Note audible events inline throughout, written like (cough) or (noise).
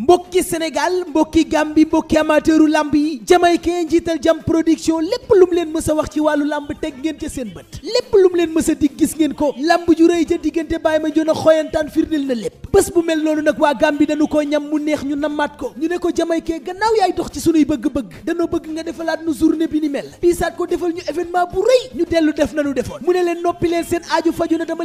mbokki Sénégal mbokki Gambie mbokki amateuru lamb yi jamaykee njiital jam production lépp lum leen mës a wax ci wàllu lamb teg ngeen ca seen bët lépp lum leen mës a dig gis ngeen ko lamb ju rëy ca diggante bàyyi ma joon a xooyantaan firndil lépp bés bu mel noonu nag waa Gambie dañu koo ñam mu neex ñu namaat ko ñu ne ko jamaykee gannaaw yaay dox ci sunuy bëgg-bëgg danoo bëgg nga defalaat nu journée bi ni mel piisaat ko defal ñu événement bu rëy ñu dellu def nanu defoon mu ne leen noppi leen seen aaju faju na dama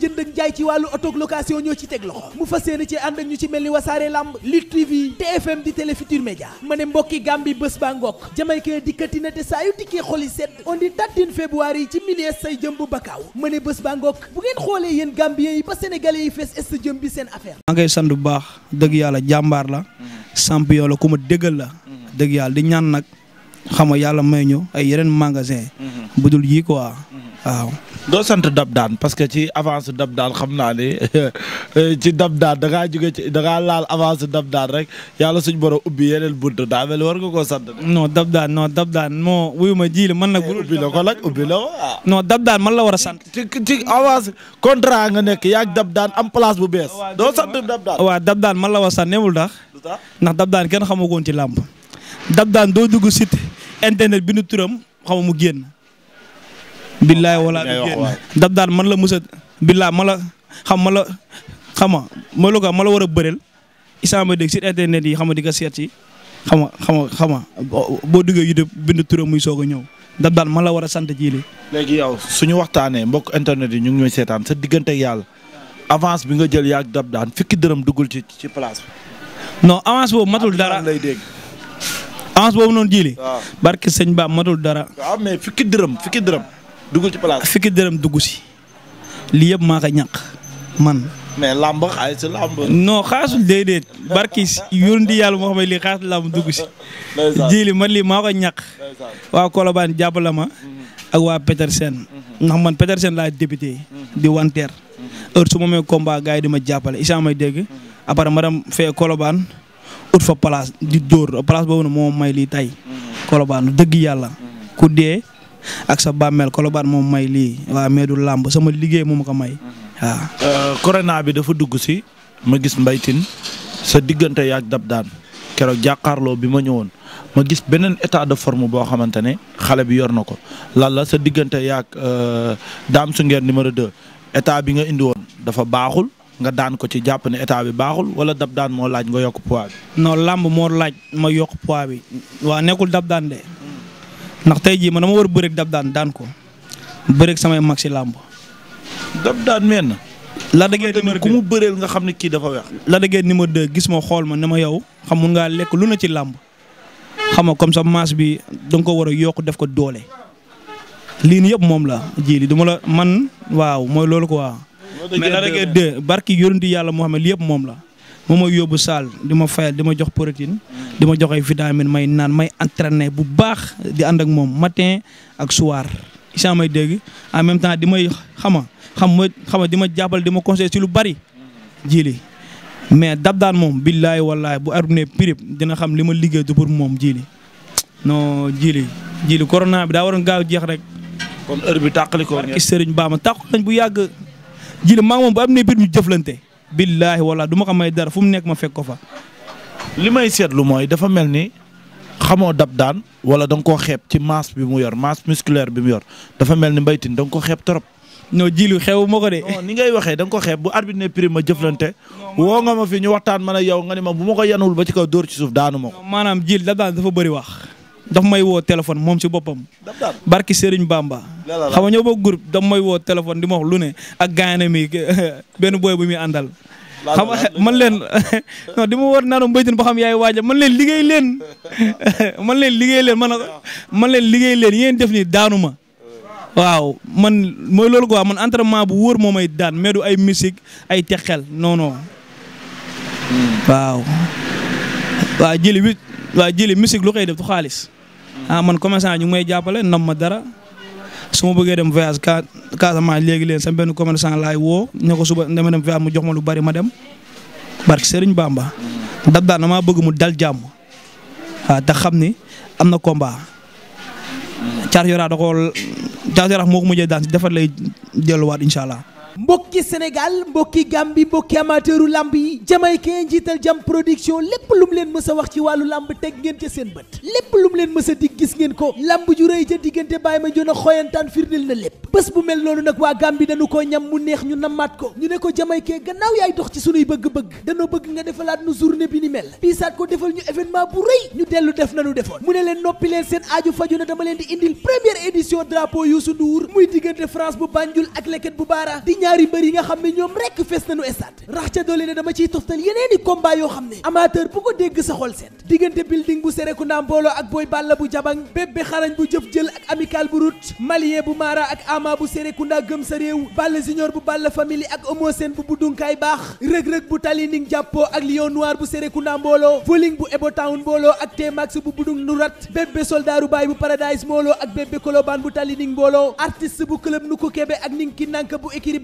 jënd ak jaay ci wàllu auto location ñoo ci teg loxo mu fas yéene ci ànd ñu ci mel ni wasaare lamb Lutte TV TFM di Télé Futurs ma ne mbokki Gambie bés ba ngokk jamaykee dikkati na te saa yu dikkee xoli sedd on dit dattin février yi ci milies say jëm bu bakkaaw ma ne bés ba ngokk bu ngeen xoolee yéen Gambien ba Sénégalais yi fees est jëm bi seen affaire maa ngay sant bu baax dëgg yàlla jàmbaar la champion la ku ma déggal la dëgg yàlla di ñaan nag xam nga yàlla may ñu ay yeneen magasin mhm. budul mhm. waaw doo sant dab daan parce que ci avance dab daan xam naa ni ci dab daan da ngaa jóge ci da laal avance dab daan rek yàlla suñ boro ubbi yeneen bunt daa mel war nga koo sant. non dab daan non dab daan moo wuyu ma ji la man nag. la ubbi la ko non dab daan man la war a sant. ci ci avance contrat nga nekk yaa dab daan am place bu bees. doo sant dab daan waaw dab daan la war a sant newul ndax. ndax dab daan kenn xamagoon ci làmb. dab daan doo dugg site internet bi nu turam xamu mu génn. billaay wala bi dab daal man la mës a billaay ma la xam ma la xam ma ma la ko war a bëreel isaan ba dégg si internet yi xam nga di ko seet si xam nga xam nga xam nga boo duggee YouTube bind turam muy soog a ñëw dab daal ma la war a sant jiile. léegi yow suñu waxtaanee mbokk internet yi ñu ngi ñooy seetaan sa diggante yàlla avance bi nga jël yaa dab daan fukki dërëm duggul ci ci place bi. non avance boobu matul dara lay avance boobu noonu jiile. waaw barke sëñ Ba matul dara. waaw dërëm fukki dërëm. dugg ci place fikki dërëm dugg si. lii yëpp maa ko ñàkk man. mais làmb xaalis làmb. non xaasul yàlla moo xam ne lii xaalis làmb dugg si. jiili ma lii maa ko ñàkk. waa Colobane jàppale ma. Mhm. ak waa Petersen. Mhm. ndax man seen laa débuté. Mhm. di wanteer. heure su ma mee combat di ma jàppale isa may dégg. après ma dem fee Colobane ut fa place di dóor place boobu nag moo may lii tay Colobane dëgg yàlla. ku dee. ak sa bàmmeel Colobane moom may lii waa Meedu làmb sama liggéey moo ma ko may waaw. Euh, corona bi dafa dugg si ma gis mbaytin sa diggante yaag dab daan keroog jàkkaarloo bi ma ñëwoon ma gis beneen état de forme boo xamante ne xale bi yor na ko lan la sa diggante yaag euh, daam su ngeen numéro 2 état bi nga indi woon dafa baaxul nga daan ko ci jàpp ne état bi baaxul wala dab daan moo laaj nga yokk poids bi. waa nekkul dab daan de. ndax tey jii man dama war a bëreeg dab daan daan ko bëreeg samay mag si làmb. dab daan meen na. la dëggee numéro ku mu bëreel nga xam ne kii dafa la dëggee numéro 2 gis ma xool ma ne ma yow xam mun ngaa lekk lu na ci làmb xam nga comme sa maas bi da ko war a yokk def ko doole. liin nii yëpp moom la ji li du la man waaw mooy loolu quoi. mais la dëggee 2 barki yonent yàlla moo xam ne lii yëpp moom la. moom mooy yóbbu saal di ma fayal di ma jox protéine di ma jox ay vitamine may naan may entraîner bu baax di ànd ak moom matin ak soir. isa may dégg en di may xama xam ma xama di ma jàppale di ma conseiller ci lu bari jili mais dab daan moom billaay wallaay bu arbu ne prib dina li ma liggéey du pour moom jili non jili jili bi daa waroon gaaw jeex rek. kon ko ngeen. Sëriñ Bamba tàqal nañ bu jëflante. billaahi wala du ma ko may dara fu mu nekk ma fekk ko fa. li may seetlu mooy dafa mel ni xamoo dab daan wala da nga koo ci masse bi mu yor masse musculaire bi mu yor dafa mel ni mbaytin da nga ko xeeb trop. non jilu xew ma ko de. ni ngay waxee da ko xeeb bu arbitre ne prime ma jëflante woo nga ma fi ñu waxtaan man a yow nga ne ma bu ma ko yanul ba ci kaw dóor ci suuf daan ma ko. maanaam jil dab daan dafa bëri wax. daf may woo téléphone moom si boppam. barki baam Bamba. xam nga ñoo bokk groupe daf may woo téléphone di moo wax lu ne ak gaane mi (laughs) benn booy bu muy àndal. xam man leen (laughs) non di ma woo naan mbéytin ba xam yaay waaja man liggéey leen (laughs) man leen liggéey leen man man leen liggéey leen yéen def ni daanu ma. waaw man mooy loolu quoi man entraînement bu wóor moo may daan mais du ay musique ay texel non hmm. waaw. waa waaw jëli musique lu koy def du xaalis ah man commerçant ñu may jàppale nam ma dara su ma bëggee dem voyage ka Casamance léegi leen sa benn commerçant laay woo ña ko suba dama dem voyage jox ma lu bari ma dem barke Serigne Bamba dab daal damaa bëgg mu dal jàmm waaw ah, te xam ni am na combat. Caatu Yaraax da koo moo ko mujjee daan si defar lay delluwaat incha allah. mbokki Sénégal mbokki Gambie mbokki amateuru làmb yi jamaykee njiital jam production lépp lum leen mës a wax ci wàllu lamb teg ngeen ca seen bët lépp lum leen mës a gis ngeen ko lamb ju rëy ca diggante baay ma jon a xoyantaan firndil na lépp bés bu mel noonu nag waa Gambie dañu ko ñam mu neex ñu namaat ko ñu ne ko jamaykee gannaaw yaay dox ci sunuy bëgg-bëgg danoo bëgg nga defalaat nu journée bi ni mel piisaat ko defal ñu événement bu rëy ñu dellu def nanu defoon mu ne leen noppi seen aaju faju na dama di indil première édition drapeau Youssou Ndour muy diggante France bu Banjul ak leket bu ñaari mbër yi nga xam ne ñoom rekk fees nañu stade rax ca doole ne dama ciy toftal yeneen i combat yoo xam ne amateur bu ko dégg sa xol seet diggante building bu Serekunda mbooloo ak Boy Balla bu jabang bébbe xarañ bu jëf jël ak amical bu rut malien bu maara ak ama bu Serekunda gëm sa réew Balla junior bu Balla family ak Homo Sène bu buddunkaay baax rëg-rëg bu tali ning jàppoo ak lion noir bu Serekunda mbooloo voling bu Ebo Town mbooloo ak T-Max bu budung nurat bébbe soldaaru baay bu paradise ak bébbe kolobaan bu tali ning mbooloo artiste bu club nu ko kebe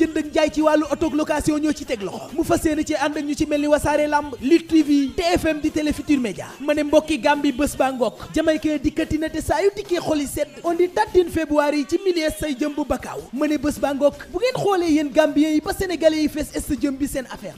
jënd ak jaay ci wàllu auto location ñoo ci teg loxo mu fas yéene ci ànd ak ñu ci mel ni wasaare lamb Lutte TV fm di Télé Futurs Médias ma ne mbokki Gambie bés ba ngokk jamaykee dikkati na te saa yu dikkee xoli sedd on dit tattin février ci milies say jëm bu bakkaaw ma ne bés ba ngokk bu ngeen xoolee yéen Gambiens yi ba Sénégalais yi fees est jëm bi seen affaire